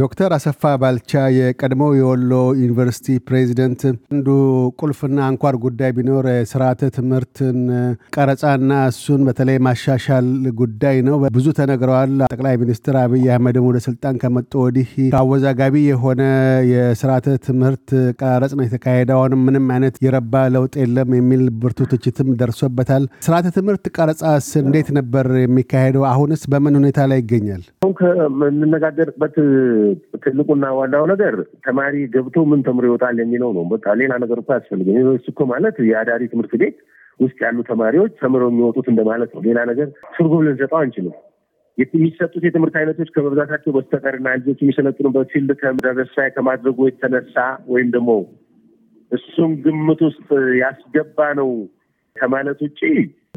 ዶክተር አሰፋ ባልቻ የቀድሞው የወሎ ዩኒቨርሲቲ ፕሬዚደንት፣ አንዱ ቁልፍና አንኳር ጉዳይ ቢኖር የስርዓተ ትምህርትን ቀረጻና እሱን በተለይ ማሻሻል ጉዳይ ነው። ብዙ ተነግረዋል። ጠቅላይ ሚኒስትር አብይ አህመድም ወደ ስልጣን ከመጡ ወዲህ አወዛጋቢ የሆነ የስርዓተ ትምህርት ቀረጽ ነው የተካሄደው። አሁንም ምንም አይነት የረባ ለውጥ የለም የሚል ብርቱ ትችትም ደርሶበታል። ስርዓተ ትምህርት ቀረጻስ እንዴት ነበር የሚካሄደው? አሁንስ በምን ሁኔታ ላይ ይገኛል? አሁን ከምንነጋገርበት ትልቁና ዋናው ነገር ተማሪ ገብቶ ምን ተምሮ ይወጣል የሚለው ነው። በቃ ሌላ ነገር እኮ አያስፈልግም። ዩኒቨርስቲ እኮ ማለት የአዳሪ ትምህርት ቤት ውስጥ ያሉ ተማሪዎች ተምረው የሚወጡት እንደማለት ነው። ሌላ ነገር ትርጉም ልንሰጠው አንችልም። የሚሰጡት የትምህርት አይነቶች ከመብዛታቸው በስተቀር እና ልጆች የሚሰለጥኑበት ፊልድ ከመድረሳ ከማድረጉ የተነሳ ወይም ደግሞ እሱም ግምት ውስጥ ያስገባ ነው ከማለት ውጭ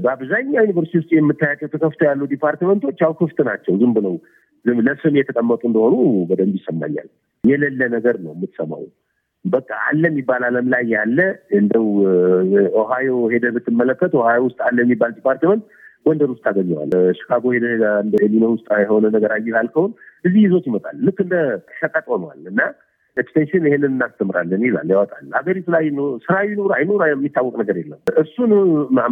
በአብዛኛው ዩኒቨርሲቲ ውስጥ የምታያቸው ተከፍተው ያሉ ዲፓርትመንቶች ያው ክፍት ናቸው። ዝም ብለው ለስም የተቀመጡ እንደሆኑ በደንብ ይሰማኛል። የሌለ ነገር ነው የምትሰማው። በቃ አለ የሚባል ዓለም ላይ ያለ እንደው ኦሃዮ ሄደ ብትመለከት ኦሃዮ ውስጥ አለ የሚባል ዲፓርትመንት ጎንደር ውስጥ ታገኘዋል። ሽካጎ ሄደህ ውስጥ የሆነ ነገር አየህ ያልከውን እዚህ ይዞት ይመጣል። ልክ እንደ ሸቀጥ ሆነዋል እና ኤክስቴንሽን ይሄንን እናስተምራለን ይላል፣ ያወጣል። ሀገሪቱ ላይ ስራ ይኑር አይኑር የሚታወቅ ነገር የለም። እሱን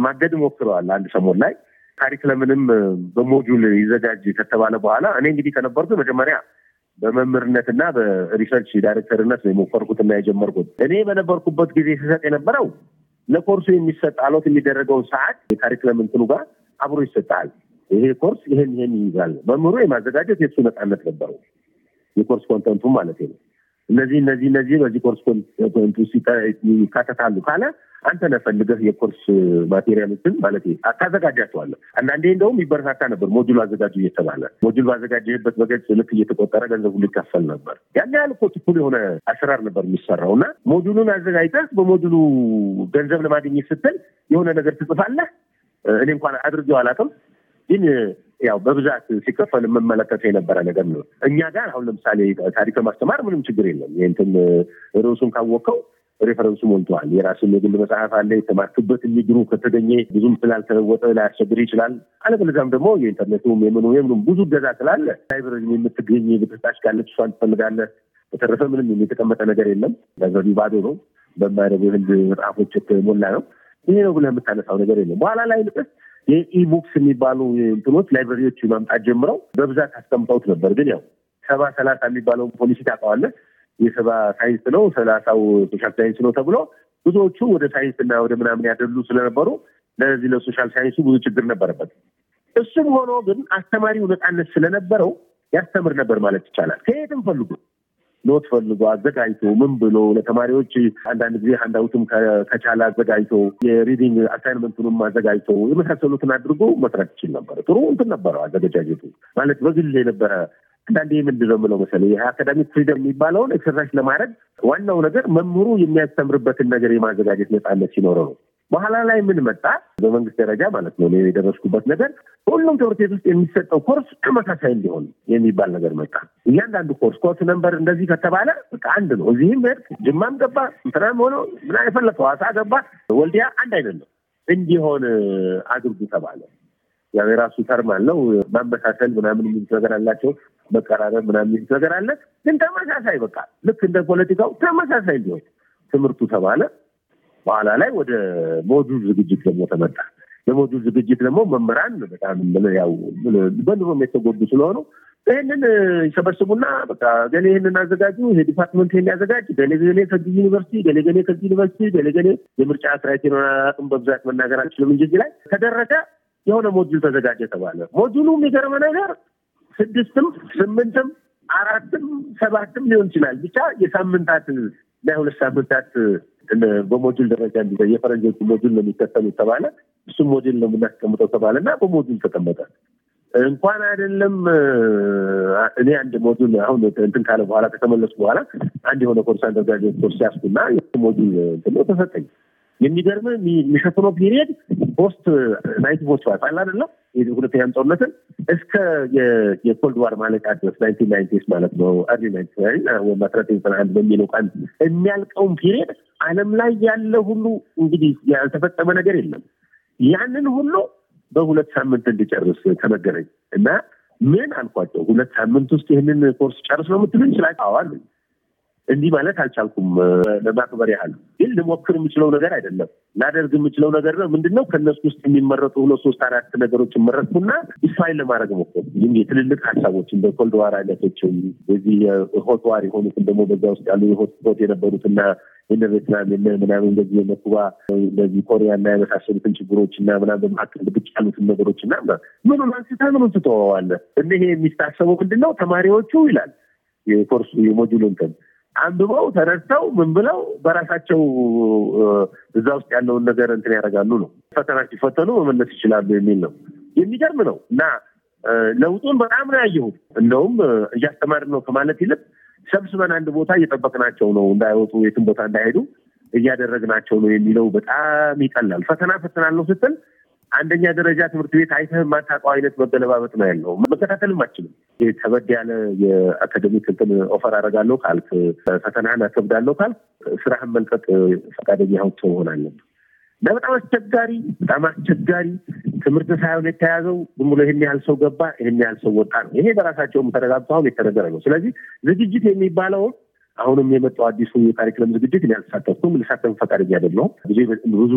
ማገድ ሞክረዋል አንድ ሰሞን ላይ ታሪክ ለምንም በሞጁል ይዘጋጅ ከተባለ በኋላ እኔ እንግዲህ ከነበርኩ መጀመሪያ በመምህርነትና በሪሰርች ዳይሬክተርነት ነው የሞከርኩትና የጀመርኩት። እኔ በነበርኩበት ጊዜ ስሰጥ የነበረው ለኮርሱ የሚሰጥ አሎት የሚደረገውን ሰዓት የካሪክለም እንትኑ ጋር አብሮ ይሰጣል። ይሄ ኮርስ ይሄን ይሄን ይይዛል። መምህሩ የማዘጋጀት የእሱ ነፃነት ነበረው። የኮርስ ኮንተንቱ ማለት ነው። እነዚህ እነዚህ እነዚህ በዚህ ኮርስ ኮንተንቱ ይካተታሉ ካለ አንተ ነህ ፈልገህ የኮርስ ማቴሪያሎችን ማለት ታዘጋጃቸዋለህ። አንዳንዴ እንደውም ይበረታታ ነበር ሞጁል አዘጋጁ እየተባለ ሞጁል ባዘጋጀህበት በገጽ ልክ እየተቆጠረ ገንዘቡ ሊከፈል ነበር። ያን ያህል እኮ ትኩል የሆነ አሰራር ነበር የሚሰራው እና ሞጁሉን አዘጋጅተህ በሞጁሉ ገንዘብ ለማግኘት ስትል የሆነ ነገር ትጽፋለህ። እኔ እንኳን አድርጌው አላውቅም ግን ያው በብዛት ሲከፈል የምመለከተው የነበረ ነገር ነው። እኛ ጋር አሁን ለምሳሌ ታሪክ ማስተማር ምንም ችግር የለም። ይህንትን ርዕሱን ካወቀው ሬፈረንሱ ሞልተዋል። የራሱ የግል መጽሐፍ አለ። የተማርክበት የሚግሩ ከተገኘ ብዙም ስላልተለወጠ ላያስቸግር ይችላል። አለበለዚያም ደግሞ የኢንተርኔቱም የምኑ የምኑም ብዙ ገዛ ስላለ ላይብረሪም የምትገኝ ብትታች ካለች እሷን ትፈልጋለህ። በተረፈ ምንም የተቀመጠ ነገር የለም። ላይብረሪ ባዶ ነው። በማይረቡ የህንድ መጽሐፎች የተሞላ ነው። ይሄ ነው ብለህ የምታነሳው ነገር የለም። በኋላ ላይ ልቀት የኢቡክስ የሚባሉ እንትኖች ላይብረሪዎች ማምጣት ጀምረው በብዛት አስቀምጠውት ነበር። ግን ያው ሰባ ሰላሳ የሚባለው ፖሊሲ ታውቀዋለህ የሰባ ሳይንስ ነው፣ ሰላሳው ሶሻል ሳይንስ ነው ተብሎ ብዙዎቹ ወደ ሳይንስና ወደ ምናምን ያደሉ ስለነበሩ ለዚህ ለሶሻል ሳይንሱ ብዙ ችግር ነበረበት። እሱም ሆኖ ግን አስተማሪው ነፃነት ስለነበረው ያስተምር ነበር ማለት ይቻላል። ከየትም ፈልጉ ኖት ፈልጎ አዘጋጅቶ ምን ብሎ ለተማሪዎች አንዳንድ ጊዜ ሀንዳውትም ከቻለ አዘጋጅቶ የሪዲንግ አሳይንመንቱንም አዘጋጅቶ የመሳሰሉትን አድርጎ መስራት ይችል ነበር። ጥሩ እንትን ነበረው አዘገጃጀቱ ማለት በግል የነበረ አንዳንዴ ምንድን ነው የምለው መሰለኝ ይህ አካዳሚክ ፍሪደም የሚባለውን ኤክሰርሳይዝ ለማድረግ ዋናው ነገር መምህሩ የሚያስተምርበትን ነገር የማዘጋጀት ነፃነት ሲኖረ ነው። በኋላ ላይ ምን መጣ? በመንግስት ደረጃ ማለት ነው የደረስኩበት ነገር ሁሉም ትምህርት ቤት ውስጥ የሚሰጠው ኮርስ ተመሳሳይ እንዲሆን የሚባል ነገር መጣ። እያንዳንዱ ኮርስ ኮርስ ነንበር እንደዚህ ከተባለ አንድ ነው። እዚህም ሄድክ ጅማም ገባ ምትናም ሆኖ ምና የፈለከው አሳ ገባ ወልዲያ አንድ አይነት ነው እንዲሆን አድርጉ ተባለ። ያው የራሱ ተርም አለው። ማመሳሰል ምናምን የሚሉት ነገር አላቸው። መቀራረብ ምናምን የሚሉት ነገር አለ። ግን ተመሳሳይ በቃ ልክ እንደ ፖለቲካው ተመሳሳይ ሊሆን ትምህርቱ ተባለ። በኋላ ላይ ወደ ሞጁል ዝግጅት ደግሞ ተመጣ። የሞጁል ዝግጅት ደግሞ መምህራን በጣም ያው በኑሮም የተጎዱ ስለሆኑ ይህንን ይሰበስቡና በቃ ገሌ ይህንን አዘጋጁ፣ ይሄ ዲፓርትመንት ይህን ያዘጋጅ፣ ገሌ ገሌ ከዚህ ዩኒቨርሲቲ፣ ገሌ ገሌ ከዚህ ዩኒቨርሲቲ፣ ገሌ ገሌ የምርጫ ስራ ስራችን አቅም በብዛት መናገር አልችልም እንጂ ላይ ተደረገ። የሆነ ሞጁል ተዘጋጀ ተባለ። ሞጁሉ የሚገርመ ነገር ስድስትም ስምንትም አራትም ሰባትም ሊሆን ይችላል። ብቻ የሳምንታት እና ሁለት ሳምንታት በሞጁል ደረጃ የፈረንጆቹ ሞጁል ነው የሚከተሉ ተባለ። እሱም ሞጁል ነው የምናስቀምጠው ተባለ እና በሞጁል ተቀመጠ። እንኳን አይደለም እኔ አንድ ሞጁል አሁን እንትን ካለ በኋላ ከተመለሱ በኋላ አንድ የሆነ ኮርስ አንደርጋጅ ኮርስ ያስኩና ሞጁል ተሰጠኝ። የሚገርም የሚሸፍነው ፒሪየድ ፖስት ናይንቲ ፎርቲ ፋይቭ አለ አይደለም ሁለተኛ ጦርነትን እስከ የኮልድ ዋር ማለቃ ድረስ ናይንቲ ናይንቲስ ማለት ነው አርሊ ናይንቲ አንድ በሚለው ቀን የሚያልቀውን ፒሪየድ አለም ላይ ያለ ሁሉ እንግዲህ ያልተፈጸመ ነገር የለም። ያንን ሁሉ በሁለት ሳምንት እንድጨርስ ተነገረኝ እና ምን አልኳቸው፣ ሁለት ሳምንት ውስጥ ይህንን ኮርስ ጨርስ ነው የምትሉኝ? ይችላል አዋል እንዲህ ማለት አልቻልኩም። ለማክበር ያህል ግን ልሞክር የምችለው ነገር አይደለም፣ ላደርግ የምችለው ነገር ነው። ምንድነው ከእነሱ ውስጥ የሚመረጡ ሁለት ሶስት አራት ነገሮች መረጥኩና ኢስፋይል ለማድረግ ሞክር። ይህም የትልልቅ ሀሳቦችን በኮልድዋር አይነቶችም የዚህ ሆትዋር የሆኑትን ደግሞ በዛ ውስጥ ያሉ ሆት የነበሩትና እነ ቬትናም ነ ምናምን እንደዚህ እነ ኩባ እንደዚህ ኮሪያ እና የመሳሰሉትን ችግሮች እና ምናም በመካከል ብቅ ያሉትን ነገሮች እና ምኑን አንስታ ምኑን ትተወዋለህ። እነ ይሄ የሚታሰበው ምንድነው ተማሪዎቹ ይላል የኮርሱ የሞጁሉንትን አንብበው ተረድተው ምን ብለው በራሳቸው እዛ ውስጥ ያለውን ነገር እንትን ያደርጋሉ ነው። ፈተና ሲፈተኑ መመለስ ይችላሉ የሚል ነው። የሚገርም ነው እና ለውጡን በጣም ነው ያየሁት። እንደውም እያስተማርን ነው ከማለት ይልቅ ሰብስበን አንድ ቦታ እየጠበቅናቸው ነው፣ እንዳይወጡ የትም ቦታ እንዳይሄዱ እያደረግናቸው ነው የሚለው በጣም ይቀላል። ፈተና ፈተናለሁ ስትል አንደኛ ደረጃ ትምህርት ቤት አይተህ የማታውቀው አይነት መገለባበጥ ነው ያለው። መከታተልም አችልም። ከበድ ያለ የአካደሚክ እንትን ኦፈር አደርጋለሁ ካልክ፣ ፈተናህን አከብዳለሁ ካልክ፣ ስራህን መልቀቅ ፈቃደኛ ሆን መሆን አለብህ። እና በጣም አስቸጋሪ በጣም አስቸጋሪ ትምህርት ሳይሆን የተያዘው ዝም ብሎ ይህን ያህል ሰው ገባ፣ ይህን ያህል ሰው ወጣ ነው። ይሄ በራሳቸውም ተረጋግጦ አሁን የተነገረ ነው። ስለዚህ ዝግጅት የሚባለውን አሁንም የመጣው አዲሱ የካሪክለም ዝግጅት እኔ አልተሳተፍኩም፣ ልሳተፍ ፈቃደኛ አይደለሁም። ብዙ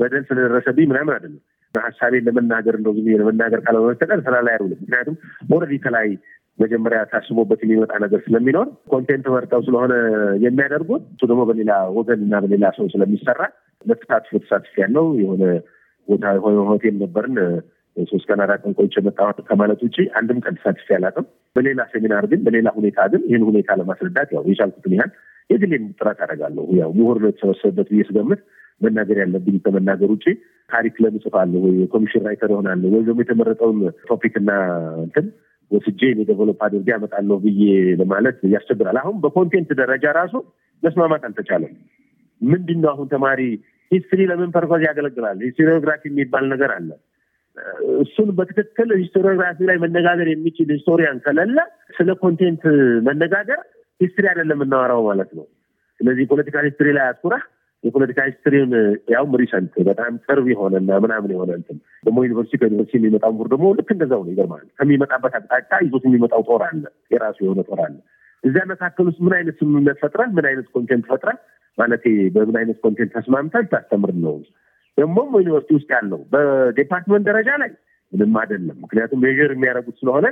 በደል ስለደረሰብኝ ምናምን አይደለም ሀሳቤን ለመናገር እንደው ጊዜ ለመናገር ካለ በስተቀር ስራ ላይ አይውልም። ምክንያቱም ኦልሬዲ ከላይ መጀመሪያ ታስቦበት የሚመጣ ነገር ስለሚኖር ኮንቴንት መርጠው ስለሆነ የሚያደርጉት እሱ ደግሞ በሌላ ወገን እና በሌላ ሰው ስለሚሰራ ለተሳትፎ ተሳትፍ ያለው የሆነ ቦታ የሆነ ሆቴል ነበርን ሶስት ቀን አራት ቀን ቆይቼ መጣሁ ከማለት ውጭ አንድም ቀን ተሳትፍ ያላቅም። በሌላ ሴሚናር ግን በሌላ ሁኔታ ግን ይህን ሁኔታ ለማስረዳት ያው የቻልኩትን ያህል የግሌን ጥረት አደርጋለሁ። ያው ምሁር ነው የተሰበሰበበት ብዬ ስገምት መናገር ያለብኝ ከመናገር ውጭ ታሪክ ለምን ወይ ኮሚሽን ራይተር እሆናለሁ ወይ ደግሞ የተመረጠውን ቶፒክ እና እንትን ወስጄ የዴቨሎፕ አድርጌ ያመጣለሁ ብዬ ለማለት ያስቸግራል። አሁን በኮንቴንት ደረጃ ራሱ መስማማት አልተቻለም። ምንድን ነው አሁን ተማሪ ሂስትሪ ለምን ፐርፐዝ ያገለግላል? ሂስቶሪዮግራፊ የሚባል ነገር አለ። እሱን በትክክል ሂስቶሪዮግራፊ ላይ መነጋገር የሚችል ሂስቶሪያን ከሌለ ስለ ኮንቴንት መነጋገር ሂስትሪ አይደለም የምናወራው ማለት ነው። ስለዚህ ፖለቲካል ሂስትሪ ላይ አትኩራ የፖለቲካ ስትሪም ያውም ሪሰንት በጣም ቅርብ የሆነና ምናምን የሆነ እንትን ደግሞ ዩኒቨርሲቲ ከዩኒቨርሲቲ የሚመጣ ምሁር ደግሞ ልክ እንደዛው ነው። ይገርማል። ከሚመጣበት አቅጣጫ ይዞት የሚመጣው ጦር አለ፣ የራሱ የሆነ ጦር አለ። እዚያ መካከል ውስጥ ምን አይነት ስምምነት ፈጥረህ ምን አይነት ኮንቴንት ፈጥረህ ማለት በምን አይነት ኮንቴንት ተስማምተህ ታስተምር ነው። ደግሞም ዩኒቨርሲቲ ውስጥ ያለው በዲፓርትመንት ደረጃ ላይ ምንም አይደለም። ምክንያቱም ሜዥር የሚያደርጉት ስለሆነ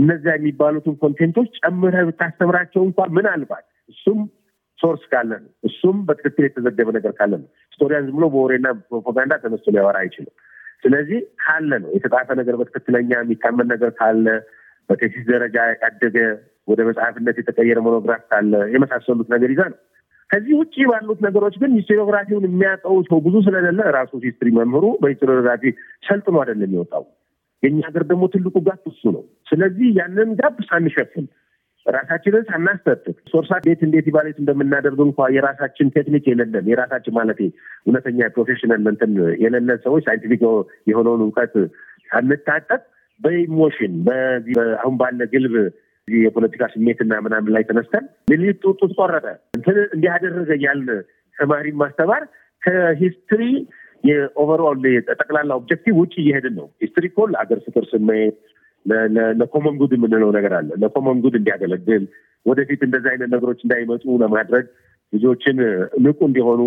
እነዚያ የሚባሉትን ኮንቴንቶች ጨምረህ ብታስተምራቸው እንኳን ምናልባት እሱም ሶርስ ካለን እሱም በትክክል የተዘገበ ነገር ካለን ስቶሪያን ዝም ብሎ በወሬና ፕሮፓጋንዳ ተነስቶ ሊያወራ አይችልም። ስለዚህ ካለ ነው የተጻፈ ነገር በትክክለኛ የሚታመን ነገር ካለ በቴሲስ ደረጃ ያደገ ወደ መጽሐፍነት የተቀየረ ሞኖግራፍ ካለ የመሳሰሉት ነገር ይዛ ነው። ከዚህ ውጭ ባሉት ነገሮች ግን ሂስቶሪዮግራፊውን የሚያውቀው ሰው ብዙ ስለሌለ ራሱ ሂስትሪ መምህሩ በሂስቶሪዮግራፊ ሰልጥኖ አይደለም የሚወጣው። የእኛ ሀገር ደግሞ ትልቁ ጋፕ እሱ ነው። ስለዚህ ያንን ጋፕ ሳንሸፍን ራሳችንን ሳናስተት ሶርሳ ቤት እንዴት ኢቫሌት እንደምናደርግ እንኳ የራሳችን ቴክኒክ የሌለን የራሳችን ማለት እውነተኛ ፕሮፌሽናል እንትን የሌለን ሰዎች ሳይንቲፊክ የሆነውን እውቀት ሳንታጠቅ በኢሞሽን በዚህ አሁን ባለ ግልብ የፖለቲካ ስሜትና ምናምን ላይ ተነስተን ሌሊት ጡጡ ቆረጠ እንትን እንዲያደረገ ያልን ተማሪን ማስተማር ከሂስትሪ የኦቨርኦል ጠቅላላ ኦብጀክቲቭ ውጭ እየሄድን ነው። ሂስትሪ ኮል አገር ፍቅር ስሜት ለኮመን ጉድ የምንለው ነገር አለ። ለኮመን ጉድ እንዲያገለግል ወደፊት እንደዚህ አይነት ነገሮች እንዳይመጡ ለማድረግ ልጆችን ንቁ እንዲሆኑ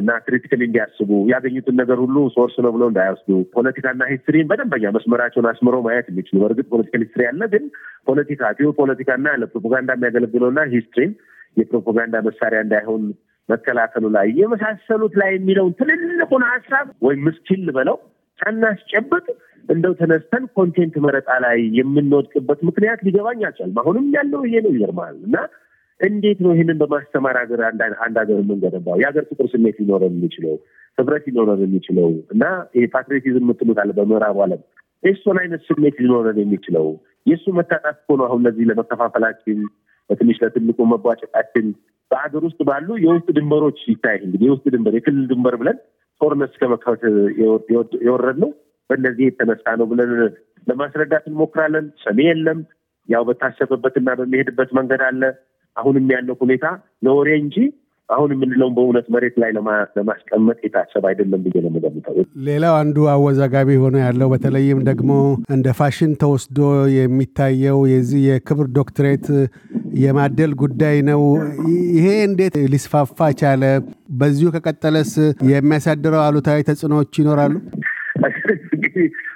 እና ክሪቲካል እንዲያስቡ ያገኙትን ነገር ሁሉ ሶርስ ነው ብለው እንዳያወስዱ ፖለቲካና ሂስትሪን በደንበኛ መስመራቸውን አስምረው ማየት የሚችሉ በእርግጥ ፖለቲካል ሂስትሪ አለ፣ ግን ፖለቲካ ፒር ፖለቲካና ለፕሮፓጋንዳ የሚያገለግለውና ሂስትሪን የፕሮፓጋንዳ መሳሪያ እንዳይሆን መከላከሉ ላይ የመሳሰሉት ላይ የሚለውን ትልልቁን ሀሳብ ወይም ምስኪል በለው ሳናስጨብጥ እንደው ተነስተን ኮንቴንት መረጣ ላይ የምንወድቅበት ምክንያት ሊገባኝ አልቻለም። አሁንም ያለው ይሄ ነው። ይገርማል እና እንዴት ነው ይህንን በማስተማር ሀገር አንድ ሀገር የምንገነባው? የሀገር ፍቅር ስሜት ሊኖረን የሚችለው ህብረት ሊኖረን የሚችለው እና ፓትሪዮቲዝም የምትሉት አለ በምዕራቡ ዓለም የእሱን አይነት ስሜት ሊኖረን የሚችለው የእሱ መታጣት እኮ ነው። አሁን ለዚህ ለመከፋፈላችን፣ በትንሽ ለትልቁ መቧጨቃችን በሀገር ውስጥ ባሉ የውስጥ ድንበሮች ይታይ እንግዲህ የውስጥ ድንበር የክልል ድንበር ብለን ጦርነት እስከ መክፈት የወረድ ነው በእነዚህ የተነሳ ነው ብለን ለማስረዳት እንሞክራለን። ሰሚ የለም። ያው በታሰበበትና በሚሄድበት መንገድ አለ። አሁንም ያለው ሁኔታ ለወሬ እንጂ አሁን የምንለውን በእውነት መሬት ላይ ለማስቀመጥ የታሰብ አይደለም ብዬ ነው የምገምተው። ሌላው አንዱ አወዛጋቢ ሆኖ ያለው በተለይም ደግሞ እንደ ፋሽን ተወስዶ የሚታየው የዚህ የክብር ዶክትሬት የማደል ጉዳይ ነው። ይሄ እንዴት ሊስፋፋ ቻለ? በዚሁ ከቀጠለስ የሚያሳድረው አሉታዊ ተጽዕኖዎች ይኖራሉ?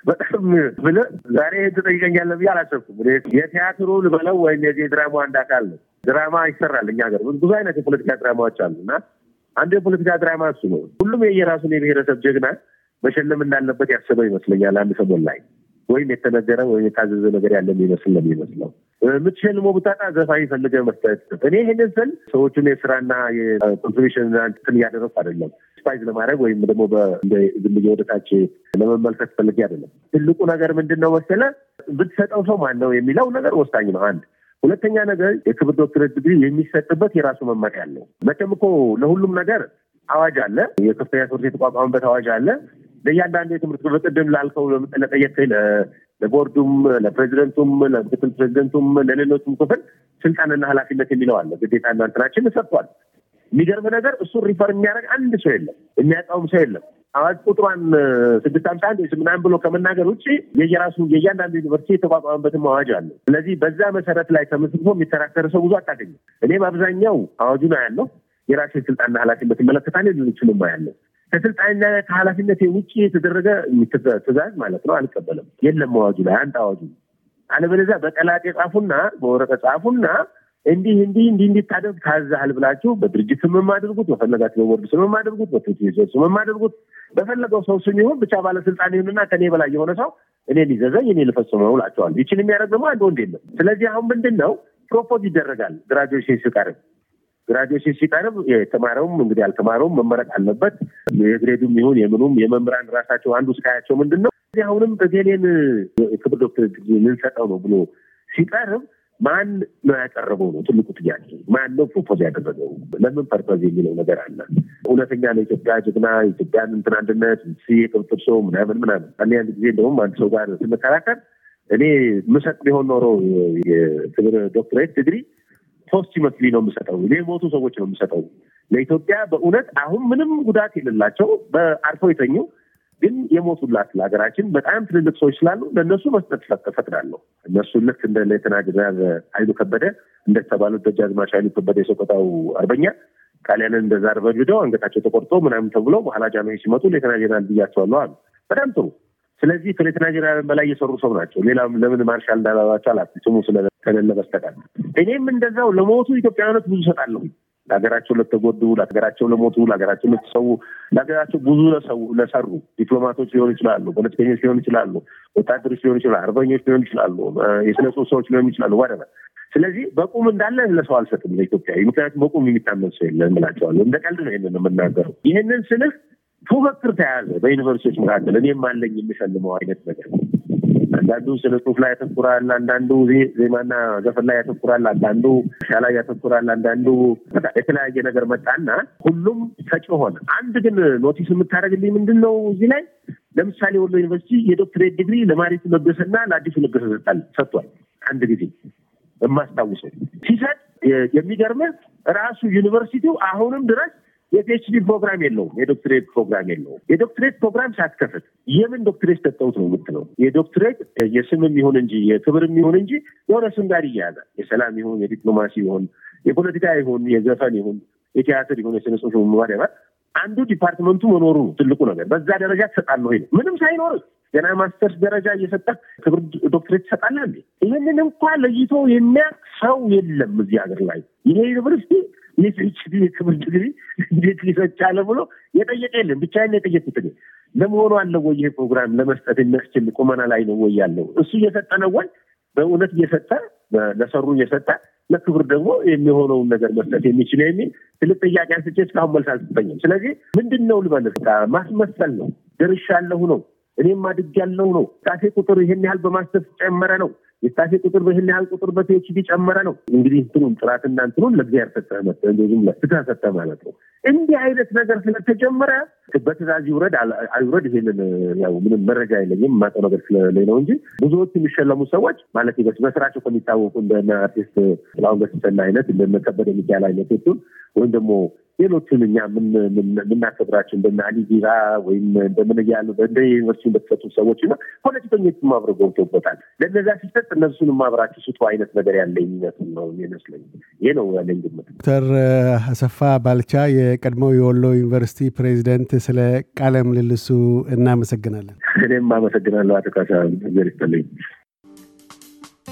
በጣም ብለ ዛሬ ትጠይቀኛለ ብዬ አላሰብኩም። የቲያትሩ ልበለው ወይም የዚህ ድራማ አንድ አካል ነው። ድራማ ይሰራል። እኛ ሀገር ብዙ አይነት የፖለቲካ ድራማዎች አሉ እና አንዱ የፖለቲካ ድራማ እሱ ነው። ሁሉም የየራሱን የብሔረሰብ ጀግና መሸለም እንዳለበት ያስበው ይመስለኛል። አንድ ሰሞን ላይ ወይም የተነገረ ወይም የታዘዘ ነገር ያለ የሚመስል ነው የሚመስለው የምትሸልመው ብታጣ ዘፋኝ ፈልገህ መስጠት። እኔ ይህንን ስል ሰዎቹን የስራና የኮንትሪቢሽን እንትን እያደረኩ አይደለም ስፓይዝ ለማድረግ ወይም ደግሞ ዝምጌ ወደታች ለመመልከት ፈልጌ አይደለም። ትልቁ ነገር ምንድን ነው መሰለ ብትሰጠው ሰው ማን ነው የሚለው ነገር ወሳኝ ነው። አንድ ሁለተኛ ነገር የክብር ዶክትሬት ዲግሪ የሚሰጥበት የራሱ መመሪያ አለው። መቼም እኮ ለሁሉም ነገር አዋጅ አለ። የከፍተኛ ትምህርት የተቋቋመበት አዋጅ አለ። ለእያንዳንዱ የትምህርት ቅድም ላልከው ለጠየቀኝ ለቦርዱም፣ ለፕሬዚደንቱም፣ ለምክትል ፕሬዚደንቱም፣ ለሌሎችም ክፍል ስልጣንና ኃላፊነት የሚለው አለ። ግዴታ እናንትናችን ሰጥቷል። የሚገርም ነገር እሱን ሪፈር የሚያደርግ አንድ ሰው የለም፣ የሚያጣውም ሰው የለም። አዋጅ ቁጥሯን ስድስት አምሳ አንድ ወይ ምናምን ብሎ ከመናገር ውጭ የየራሱ የእያንዳንዱ ዩኒቨርሲቲ የተቋቋመበትም አዋጅ አለ። ስለዚህ በዛ መሰረት ላይ ተመስርቶ የሚከራከር ሰው ብዙ አታገኝም። እኔም አብዛኛው አዋጁን አያለሁ፣ የራሴ ስልጣንና ኃላፊነት ይመለከታል፣ ሌሎችንም አያለሁ። ከስልጣንና ከኃላፊነት ውጭ የተደረገ ትእዛዝ ማለት ነው አልቀበልም። የለም አዋጁ ላይ አንድ አዋጁ አለበለዚያ በቀላጤ ጻፉና በወረቀት ጻፉና እንዲህ እንዲህ እንዲህ እንዲታደርግ ታዛሃል ብላችሁ በድርጅት ስምም አድርጉት፣ በፈለጋችሁ በቦርድ ስምም አድርጉት፣ በትምህርት ስምም አድርጉት። በፈለገው ሰው ስም ይሁን ብቻ ባለስልጣን ይሁንና ከኔ በላይ የሆነ ሰው እኔ ሊዘዘኝ እኔ ልፈጽመው ብላቸዋል። ይችን የሚያደርግ ደግሞ አንድ ወንድ የለም። ስለዚህ አሁን ምንድን ነው ፕሮፖዝ ይደረጋል ግራጁዌሽን ሲቀርብ ግራጁዌሽን ሲቀርብ የተማረውም እንግዲህ ያልተማረውም መመረቅ አለበት። የግሬዱም ይሁን የምኑም የመምህራን ራሳቸው አንዱ እስካያቸው ምንድን ነው እዚህ አሁንም እገሌን ክብር ዶክተር ልንሰጠው ነው ብሎ ሲቀርብ ማን ነው ያቀረበው ነው ትልቁ ጥያቄ። ማን ነው ፕሮፖዝ ያደረገው? ለምን ፐርፐዝ የሚለው ነገር አለ። እውነተኛ ለኢትዮጵያ ጀግና ኢትዮጵያን እንትን አንድነት የቅብጥር ሰው ምናምን ምናምን አንድ አንድ ጊዜ እንደውም አንድ ሰው ጋር ስንከራከር እኔ ምሰጥ ቢሆን ኖሮ የክብር ዶክትሬት ዲግሪ ፖስቲመትሊ ነው የምሰጠው። የሞቱ ሰዎች ነው የምሰጠው ለኢትዮጵያ በእውነት አሁን ምንም ጉዳት የሌላቸው በአርፈው የተኙ ግን የሞቱላት ለሀገራችን በጣም ትልልቅ ሰዎች ስላሉ ለእነሱ መስጠት ፈቅዳለሁ። እነሱ ልክ እንደ ሌተና ጀነራል ኃይሉ ከበደ እንደተባሉት ደጃዝማች ኃይሉ ከበደ የሰቆጣው አርበኛ ጣሊያንን እንደዛ አርበው አንገታቸው ተቆርጦ ምናምን ተብሎ በኋላ ጃንሆይ ሲመጡ ሌተና ጀነራል ብያቸዋለሁ አሉ። በጣም ጥሩ ስለዚህ ከሌት ናይጄሪያውያን በላይ የሰሩ ሰው ናቸው። ሌላም ለምን ማርሻል እንዳላባቸው አላት ስሙ ስለተለለ በስተቀር እኔም እንደዛው ለሞቱ ኢትዮጵያውያኖች ብዙ እሰጣለሁ። ለሀገራቸው ለተጎዱ፣ ለሀገራቸው ለሞቱ፣ ለሀገራቸው ለተሰዉ፣ ለሀገራቸው ብዙ ለሰው ለሰሩ ዲፕሎማቶች ሊሆኑ ይችላሉ፣ ፖለቲከኞች ሊሆኑ ይችላሉ፣ ወታደሮች ሊሆኑ ይችላሉ፣ አርበኞች ሊሆኑ ይችላሉ፣ የስነ ጽሁፍ ሰዎች ሊሆኑ ይችላሉ። ዋደበ ስለዚህ በቁም እንዳለ ለሰው አልሰጥም ለኢትዮጵያ ምክንያቱም በቁም የሚታመን ሰው የለ እንላቸዋለሁ። እንደ ቀልድ ነው ይህንን የምናገረው። ይህንን ስልህ ፉክክር ተያዘ በዩኒቨርሲቲዎች መካከል። እኔም አለኝ የሚሸልመው አይነት ነገር። አንዳንዱ ስነ ጽሁፍ ላይ ያተኩራል፣ አንዳንዱ ዜማና ዘፈን ላይ ያተኩራል፣ አንዳንዱ ሻ ላይ ያተኩራል፣ አንዳንዱ የተለያየ ነገር መጣና ሁሉም ሰጪ ሆነ። አንድ ግን ኖቲስ የምታደርግልኝ ምንድን ነው እዚህ ላይ ለምሳሌ ወሎ ዩኒቨርሲቲ የዶክትሬት ዲግሪ ለማሪቱ ለገሰና ለአዲሱ ለገሰ ሰጥቷል። አንድ ጊዜ የማስታውሰው ሲሰጥ የሚገርምህ ራሱ ዩኒቨርሲቲው አሁንም ድረስ የፒኤችዲ ፕሮግራም የለውም። የዶክትሬት ፕሮግራም የለውም። የዶክትሬት ፕሮግራም ሳትከፍት የምን ዶክትሬት ሰጠውት ነው የምትለው? የዶክትሬት የስምም ይሁን እንጂ የክብርም ይሁን እንጂ የሆነ ስም ጋር እያያዘ የሰላም ይሁን የዲፕሎማሲ ይሁን የፖለቲካ ይሁን የዘፈን ይሁን የቲያትር ይሁን የስነ ጽሁፍ አንዱ ዲፓርትመንቱ መኖሩ ነው ትልቁ ነገር። በዛ ደረጃ ትሰጣለህ ወይ ምንም ሳይኖር ገና ማስተርስ ደረጃ እየሰጠህ ክብር ዶክትሬት ትሰጣለህ እንዴ? ይህንን እንኳ ለይቶ የሚያውቅ ሰው የለም እዚህ ሀገር ላይ ይሄ ዩኒቨርሲቲ የስችት የክብር ዲግሪ እንዴት ሊሰጥ ቻለ ብሎ የጠየቀ የለም። ብቻ ያን የጠየቁት እኔ ለመሆኑ አለ ወይ ይሄ ፕሮግራም ለመስጠት የሚያስችል ቁመና ላይ ነው ወይ ያለው? እሱ እየሰጠ ነው ወይ በእውነት እየሰጠ ለሰሩ እየሰጠ ለክብር ደግሞ የሚሆነውን ነገር መስጠት የሚችለው የሚል ትልቅ ጥያቄ አንስቼ እስካሁን መልስ አልሰጠኝም። ስለዚህ ምንድን ነው ልበልህ? ማስመሰል ነው፣ ያለሁ ነው፣ እኔም አድግ ያለው ነው፣ ቃሴ ቁጥር ይህን ያህል በማስተስ ጨመረ ነው የታሴ ቁጥር በህል ያህል ቁጥር በፒኤችዲ ጨመረ ነው እንግዲህ እንትኑን ጥራትና እንትኑን ለእግዚአብሔር ሰጠህ መ ማለት ነው። እንዲህ አይነት ነገር ስለተጀመረ በትእዛዝ ይውረድ አይውረድ ይሄንን ያው ምንም መረጃ የለኝም የማውቀው ነገር ስለሌለኝ ነው እንጂ ብዙዎች የሚሸለሙ ሰዎች ማለት በስራቸው ከሚታወቁ እንደ አርቲስት ጥላሁን ገሰሰና አይነት እንደነ ከበደ ሚካኤል አይነቶቹን ወይም ደግሞ ሌሎቹን እኛ የምናከብራቸው እንደነ አሊ ቢራ ወይም እንደምን እያሉ እንደ ዩኒቨርሲቲ እንደተሰጡ ሰዎች እና ፖለቲከኞችም ማብረ ገብተውበታል። ለነዛ ሲሰጥ እነሱን ማብራቸው ስቶ አይነት ነገር ያለ የሚነትን ነው ይመስለኝ። ይህ ነው ያለኝ ግምት። ዶክተር አሰፋ ባልቻ የቀድሞው የወሎ ዩኒቨርሲቲ ፕሬዚደንት፣ ስለ ቃለ ምልልሱ እናመሰግናለን። እኔም አመሰግናለሁ አቶ ካሳ።